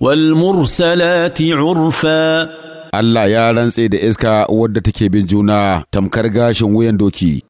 والمرسلات عرفا Allah ya rantse da iska wadda take bin juna tamkar gashin wuyan doki.